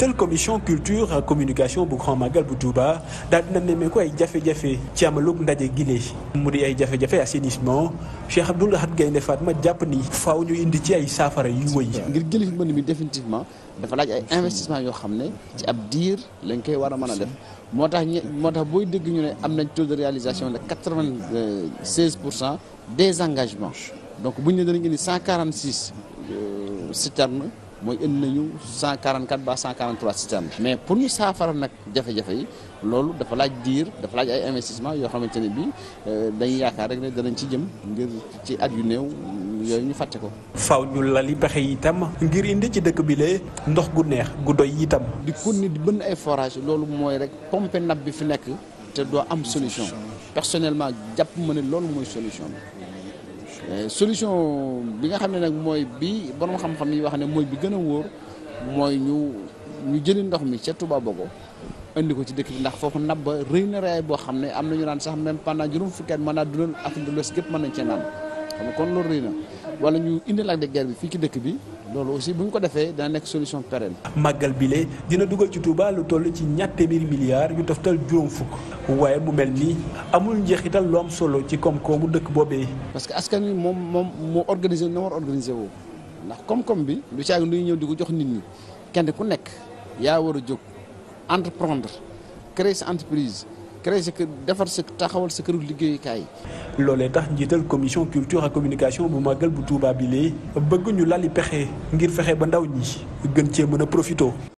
telle commission culture communication bu Grand Magal bu Touba daal dina ko ay jafe-jafe ci amalug ndaje gile mu di ay jafe-jafe assainissement Cheikh Abdoul Ahad Gaïndé Fatma jàpp ni faaw ñu indi ci ay saafara yu wëy ngir jëli fi mbënd mi définitivement dafa laaj ay investissement yoo xam ne ci ab diir lañ koy war a mën a def moo tax moo tax booy dégg ñu ne am nañ taux de réalisation de quatre-vingt-seize pour cent des engagements donc bu ñu ne danañ indi cent quarante-six euh, citernes mooy indi nañu cent 144 ba 143 système mais pour ñu saafara nag jafe-jafe yi loolu dafa laaj diir dafa laaj ay investissement yoo xamante ne bi euh, dañuy yaakaar rek ne danañ ci jëm ngir ci at yu néew yooyu ñu fàtte ko. faw ñu lali pexe yi itam ngir indi ci dëkk bi lee ndox gu neex gu doy itam. di continuer di bënn ay forage loolu mooy rek pompe nappe bi fi nekk te doo am solution personnellement jàpp ma ne loolu mooy solution bi. Euh, solution bi nga xam ne nag mooy bi borom xam-xam yi wax ne mooy bi gën a wóor mooy ñu ñu jëli ndox mi ca Touba Bogo indi ko ci dëkk bi ndax foofu nab ba rëy na raay boo xam ne am na ñu naan sax même pendant juróom fukki at mën naa dundal Afrique de l'Ouest gépp mën nañ cee naan xam nga kon loolu rëy na wala ñu indi lac de guerre bi fii ci dëkk bi loolu aussi bu ñu ko defee dana nekk solution pérenne. màggal bile dina dugal ci Touba lu toll ci ñatt téeméeri milliards yu toftal juróom fukk. waaye mu mel nii amul njeexital lu am solo ci koom-koomu dëkk boobee. parce que askan wi moom moom moo organisé na war organisé woo ndax koom-koom bi lu caag nuy ñëw di ko jox nit ñi kenn ku nekk yaa war a jóg entreprendre créer sa entreprise. créer sa kër defar sa taxawal sa këru liggéeyukaay. loolee tax njiital commission culture ak communication bu màggal bu Tuubaa bi lee bëgg ñu lali pexe ngir fexe ba ndaw ñi gën cee mën a profito.